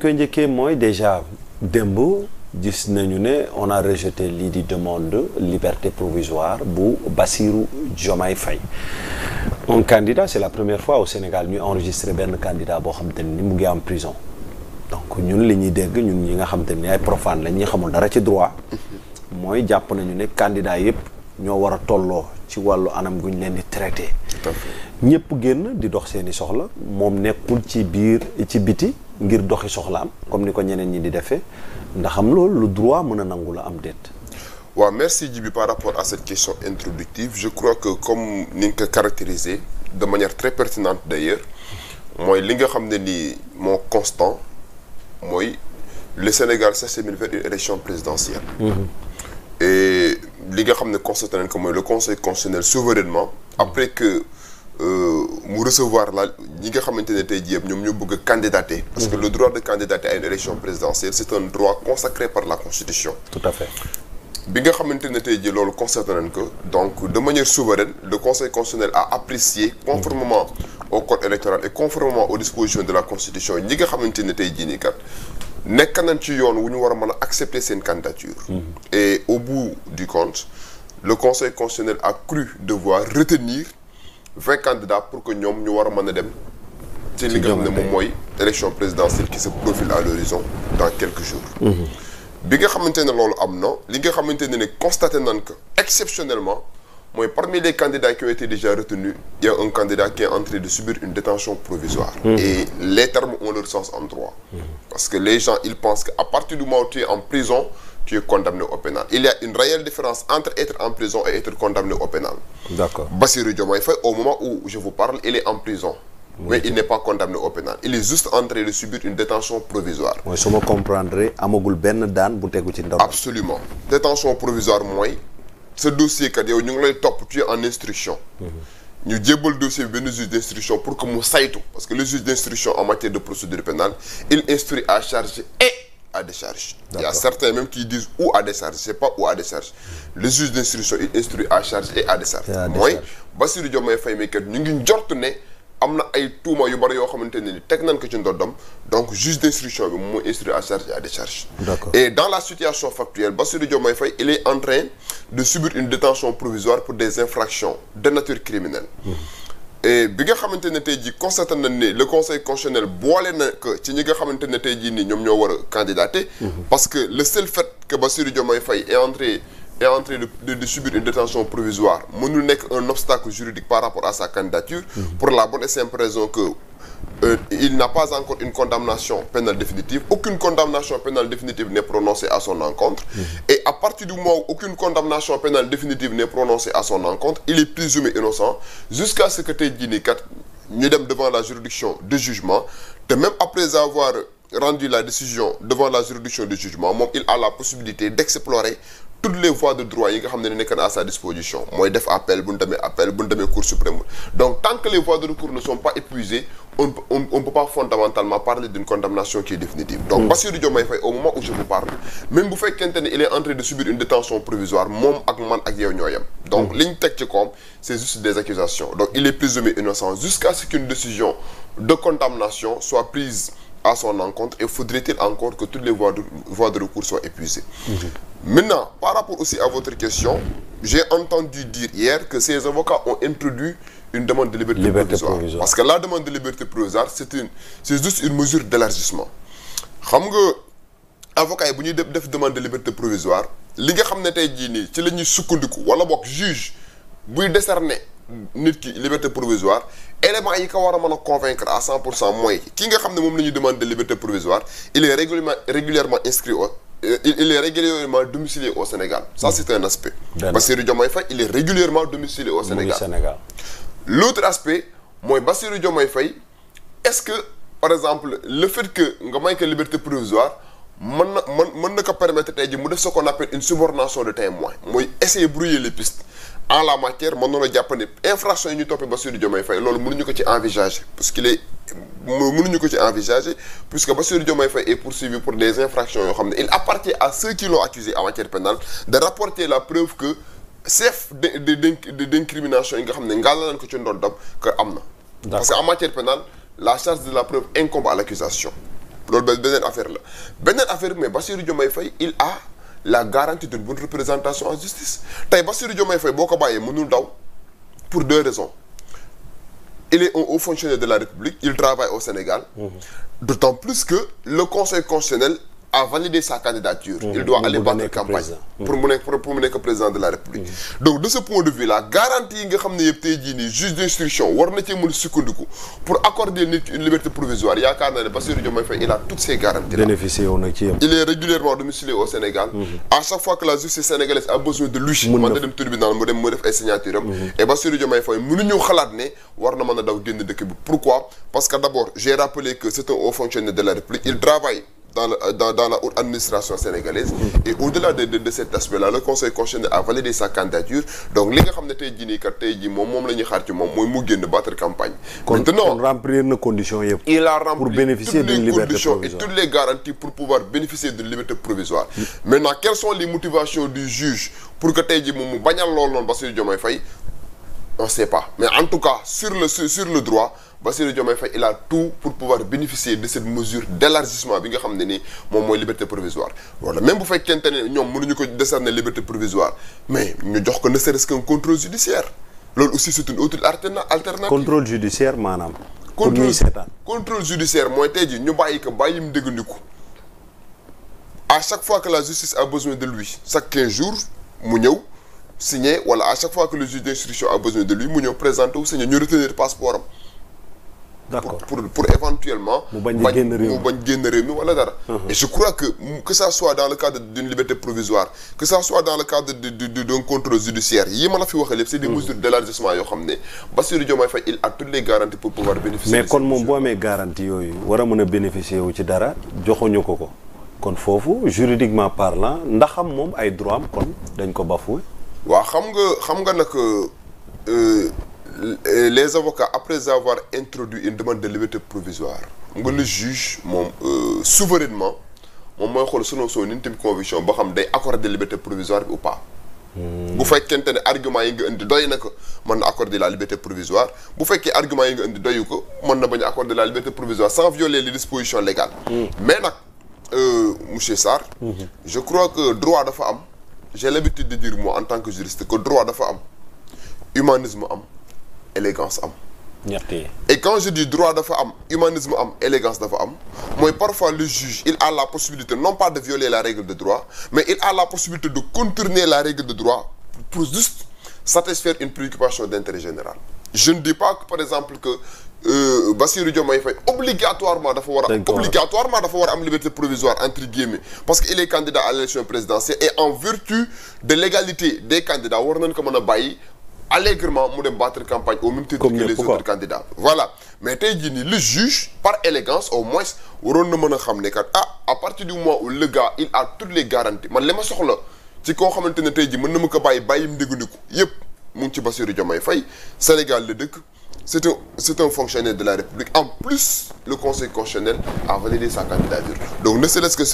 koy njëkkee mooy déjà démb gis nañu ne on a rejeté lii di demande liberté provisoire bu Bassirou Diomaye Faye un candidat c'est la première fois au Sénégal ñuy enregistré benn candidat boo xam te ni mu ngi am prison donc ñun li ñuy dégg ñun ñi nga xam te ni ay profane lañ ñi xamul dara ci droit mooy jàpp nañu ne candidat yépp ñoo war a tolloo ci wàllu anam gu ñu leen di traité ñépp génn di dox seeni soxla moom nekkul ci biir ci biti ngir doxi soxlaam comme ni ko ñeneen ñi di defee ndax am loolu lu droit mën a nangu la am déet. waaw merci Djiby par rapport à cette question introductive je crois que comme ni nga ko caractérisé de manière très pertinente d'ailleurs mooy li nga xam ne ni moo constant mooy le Sénégal s'achemine vers une élection présidentielle. Mm-hmm. et li nga xam ne constaté nañ ko mooy le conseil constitutionnel souverainement mm-hmm. après que. mu recevoir la ñi nga xamante ne tey jii yëpp ñoom ñoo bëgg a candidater. parce que mm-hmm. le droit de candidater à une élection présidentielle c'est un droit consacré par la constitution. xamante ne tey jii loolu constaté nañ donc de manière souveraine le conseil constitutionnel a apprécié conformément mm-hmm. au code électoral et conformément aux dispositions de ñi nga xamante ne tey jii nii kat nekk nañ ci yoon wu ñu war a mën a accepter seen candidature. Mm-hmm. et au bout du compte le conseil constitutionnel a cru devoir retenir. vingt candidats pour que ñoom ñu war a mën a dem. ci li nga xam ne moom mooy élection présidentielle qui se profile à l'horizon dans quelques jours. Mhm. bi nga xamante ne loolu am na li nga xamante ne ne constaté nan que exceptionnellement. mooy parmi les candidats qui ont été déjà retenus il y a un candidat qui est en train de subir une détention provisoire mmh. et les termes ont leur sens en droit mmh. parce que les gens ils pensent qu'à partir du moment tu es en prison tu es condamné au il y a une réelle différence entre être en prison et être condamné au pénal d'accord Bassirou Diomaye Faye au moment où je vous parle il est en prison mais il n'est pas condamné au pénal il est juste en train de subir une détention mooy sa dossier kat yow ñu ngi lay topp tu en instruction. ñu jébbal dossier bi benn juge d'instruction pour que mu saytu parce que le juge d'instruction en matière de procédure pénale il instruit à charge et à décharge. il y a certains même qui disent ou à décharge c'est pas ou à décharge le juge d'instruction il instruit à charge et à décharge. mooy Bassirou Diomaye Faye mi kat ñu ngi njort ne. am na ay tuuma yu bari yoo xamante ne ni teg nañ ko ci ndoddam donc juge d'instruction bi moom mooy instruire à charge a à décharge. d'accord et dans la situation factuelle Bassirou Diomaye Faye il est en de subir une détention provisoire pour des infractions de nature criminelle. Mmh. et bi nga xamante ne tey jii constaté nañ ne le conseil constitutionnel boole na que ci ñi nga xamante ne tey jii nii ñoom ñoo war a candidater. Mmh. parce que le seul fait que Bassirou Diomaye Faye est entré. est en train de, subir une détention provisoire mënul nekk un obstacle juridique par rapport à sa candidature pour la bonne et simple que euh, il n'a pas encore une condamnation pénale définitive aucune condamnation pénale définitive n'est prononcée à son encontre et à partir du moment où aucune condamnation pénale définitive n'est prononcée à son encontre il est présumé innocent jusqu'à ce que tey jii nii kat ñu dem devant la juridiction de jugement te rendu la décision devant la juridiction de jugement moom il a la possibilité d'explorer toutes les voies de yi nga xam ne nekk na à sa disposition mooy def appel bu ñu demee appel bu ñu demee cour suprême donc tant les voies de recours ne sont pas épuisées on pas fondamentalement parler d'une condamnation qui définitive. donc mm. Bassirou Diomaye Faye au moment où je vous parle même bu fekkente ne il est en train de subir une détention provisoire moom ak man ak yow ñoo yem. donc mm. li ñu teg à son encontre et faudrait-il encore que toutes les voies de, voies de recours soient épuisées. Mhm. Maintenant, par rapport aussi à votre question, j'ai entendu dire hier que ces avocats ont introduit une demande de liberté, liberté provisoire. provisoire. Parce que la demande de liberté provisoire, c'est une c'est juste une mesure d'élargissement. xam nga avocats yi bu ñuy def def demande de liberté provisoire li nga xam ne tey jii nii ci la ñuy sukkandiku wala boog juge buy décerner nit ki liberté provisoire élément yi ko war a mën a convaincre à 100 pour cent mooy ki nga xam ne moom la ñuy demande de liberté provisoire il est régulièrement inscrit au euh, il est régulièrement domicilié au Sénégal ça c'est un aspect Bassirou Diomaye Faye il est régulièrement domicilié au Sénégal l'autre aspect mooy Bassirou Diomaye Faye est-ce que par exemple le fait que nga may ko liberté provisoire mën na mën mën na ko permettre tey ji mu def ce qu'on appelle une subordination de témoin en la matière mën noon a jàpp ne infraction yi ñu toppee Bassirou Diomaye Faye loolu mënuñu ko ci envisager parce qu'il est mënuñu ko ci envisager puisque Bassirou Diomaye Faye est poursuivi pour des infractions yoo xam ne il appartient à ceux qui l'ont accusé en matière pénale de rapporter la preuve que chef de de d'incrimination yi nga xam ne ngàlla nañ ko ci ndoddam que am na parce que en matière pénale la charge de la preuve incombe à l'accusation loolu beneen affaire la beneen mais Bassirou Diomaye Faye la garantie d'une bonne représentation en justice tey Bassirou Diomaye Faye boo ko bàyyee mënul daw pour deux raisons il est un haut fonctionnaire de la République il travaille au Sénégal. Mm-hmm. d'autant plus que le Conseil constitutionnel a validé sa candidature. Mmh. il doit aller battre campagne. pour mu nekk président de la république. Mm-hmm. donc de ce point de vue là garantie yi nga xam ne yëpp tey jii nii juge d'instruction war na cee mën a sukkandiku pour accorder nit liberté provisoire yaakaar naa ne Bassirou Diomaye Faye il a toutes ces garanties là. bénéficié wu na ci yam. il est régulièrement domicilié au Sénégal. Mm-hmm. à chaque fois que la justice sénégalaise a besoin de lui. mën na dem tribunal mm-hmm. a daw génn dans, le, dans, dans l'administration sénégalaise. Mm. et au-delà de, de, cet aspect-là le conseil constitutionnel a validé sa candidature donc li nga xam ne tey jii nii kat tey jii moom moom la xaar ci moom mooy mu génn battre campagne. maintenant kon na condition yëpp. il a rempli pour bénéficier d'une liberté provisoire et toutes les garanties pour pouvoir bénéficier d'une liberté provisoire. Mm. maintenant quelles sont les motivations du juge pour que tey jii moom mu bañal lool noonu Bassirou Diomaye Faye on sait mais en tout cas ba Diomaye Faye il a tout pour pouvoir bénéficier de cette mesure d'élargissement bi nga xam ne ni moom mooy liberté provisoire wala même bu fekkente ne ñoom mënuñu ko décerner liberté provisoire mais ñu jox ko ne serait-ce qu'un contrôle judiciaire loolu aussi c'est une autre alternative. contrôle judiciaire maanaam. pour ñuy seetaan contrôle judiciaire mooy tey ji ñu bàyyi ko bàyyi mu déggandiku à chaque fois que la justice a besoin de lui chaque quinze jours mu ñëw. signé wala à chaque fois que le juge d'instruction a besoin de mu ñëw présenter wu signé ñu retenir passeport am d'accord pour pour éventuellement. mu bañ a génn réew mi mu bañ génn réew mi wala dara. et je crois que que ça soit dans le cadre d'une liberté provisoire que ça soit dans le cadre de de d'un contrôle judiciaire yi ma la fi waxee lépp c'est des mesures d'élargissement yoo xam ne Bassirou Diomaye Faye il a toutes les kon moom boo amee garantie yooyu war a mën a bénéficier wu ci dara joxuñu ko ko. kon foofu juridiquement parlant ndaxam moom ay droit am kon dañ ko bafoué. waaw xam nga xam nga nag. Euh, Euh, les avocats après avoir introduit une demande de liberté provisoire nga le juge moom euh, souverainement moom mooy xool selon son intime conviction boo xam day accorder liberté provisoire bi ou pas. Hmm. bu fekkente ne argument yi nga indi doy na ko mën na accorder la liberté provisoire bu fekkee argument yi nga indi doyu ko mën na bañ a accorder la liberté provisoire sans violer les dispositions légales. Hmm. mais nag euh, monsieur Sarr. Hmm. je crois que droit dafa am. j'ai l'habitude de dire moi en tant que juriste que droit dafa am humanisme am. élégance am. et quand je dis droit dafa am humanisme am élégance dafa am mooy parfois le juge il a la possibilité non pas de violer la règle de droit mais il a la possibilité de contourner la règle de droit pour juste satisfaire une préoccupation d'intérêt général je ne dis pas que par exemple que euh, Bassirou Diomaye Faye obligatoirement a obligatoirement dafa war a am liberté provisoire entre guillemets parce que il est candidat à l'élection présidentielle et en vertu war nañ ko mën a bàyyi allègrement mu dem battre campagne au même titre Comme que les autres candidats voilà mais tey jii nii le juge par élégance au moins waroon na mën a xam ne kat ah à partir du moment où le il a toutes les garanties man li ma soxla ci koo xamante ne tey jii mën na ma ko bàyyi bàyyim ko yépp mu ngi ci Bassirou Diomaye Faye Sénégal la dëkk c'est un c'est un fonctionnaire de la République en plus le Conseil constitutionnel a validé sa candidature donc ne serait-ce que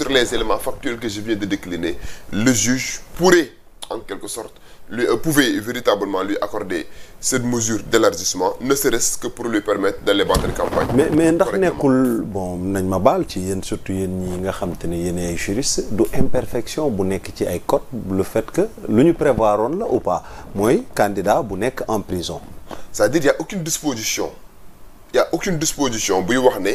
lui euh, pouvait véritablement lui accorder cette mesure d'élargissement ne serait-ce que pour lui permettre d'aller battre campagne. mais mais ndax nekkul bon nañ ma baal ci yéen surtout yéen ñi nga xam te ne yéen ay juriste du imperfection bu nekk ci ay code le fait que lu ñu prévoir on la ou pas mooy candidat bu nekk en prison. c'est-à-dire y a aucune disposition y a aucune disposition buy wax ne.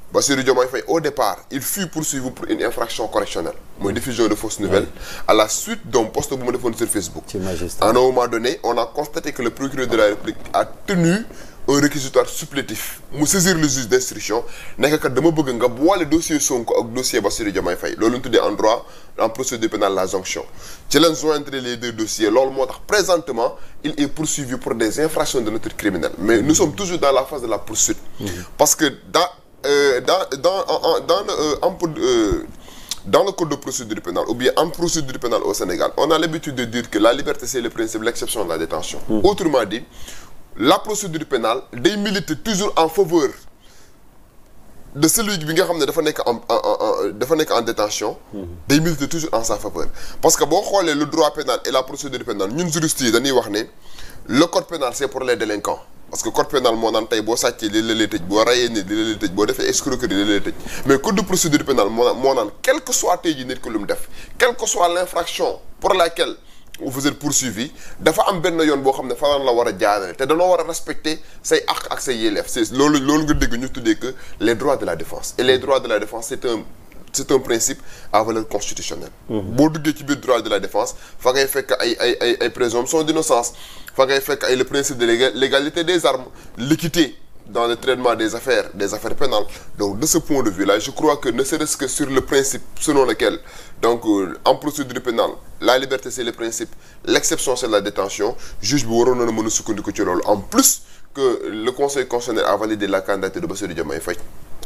Bassirou Diomaye Faye au départ il fut poursuivi pour une infraction correctionnelle mooy diffusion de fausses nouvelles à la suite d'un post bu mu defoon sur Facebook à un moment donné on a constaté que le procureur de la République a tenu un réquisitoire supplétif mu saisir le juge d'instruction nekk kat dama bëgg nga boole dossier Sonko ak dossier Bassirou Diomaye Faye loolu ñu tuddee en droit en procédure pénale la jonction ci leen joindre Euh, dans dans en dans le euh, en euh, dans le code de procédure pénale ou bien en procédure pénale au Sénégal on a l'habitude de dire que la liberté c'est le principe l'exception de la détention mmh. autrement dit la procédure pénale day militer toujours en faveur de celui bi nga xam ne dafa nekk en nekk en détention hmm. day militer toujours en sa faveur parce que boo xoolee le droit pénal et la procédure pénale ñun juristes yi dañuy wax ne le code pénal c'est pour les délinquants parce que code pénal moo naan tey boo sàccee lii la lay tëj boo rayee nit lii la lay tëj boo defee escroquerie lii la lay tëj mais code procédure pénale moo naan quel soit tey ji nit ko lu mu def quel soit l' infraction pour laquelle vous êtes poursuivi dafa am benn yoon boo xam ne fanaan la war a jaarale te danoo war a respecter say àq ak say yéleef c'est loolu loolu nga dégg ñu tuddee que les droits de la défense et les droits de la défense c'est un c'est un principe fa fekk ay le principe de l'égalité des armes l'équité dans le traitement des affaires des affaires pénales donc de ce point de vue là je crois que ne serait-ce que sur le principe selon lequel donc euh, en procédure pénale la liberté c'est le principe l'exception c'est la détention juge bi waroon na mën a sukkandiku en plus que le conseil constitutionnel a validé la candidature de Bassirou Diomaye Faye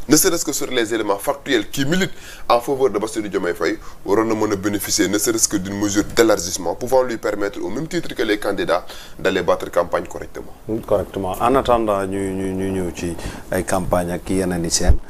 ne serait-ce que sur les éléments factuels qui militent en faveur de Bassirou Diomaye Faye waroon na mën a bénéficier ne serait-ce que mesure d'élargissement pouvant lui permettre au même titre que les candidats d'aller battre campagne correctement correctement en attendant ñu ñu ñëw ci ay campagne ak yeneen i seen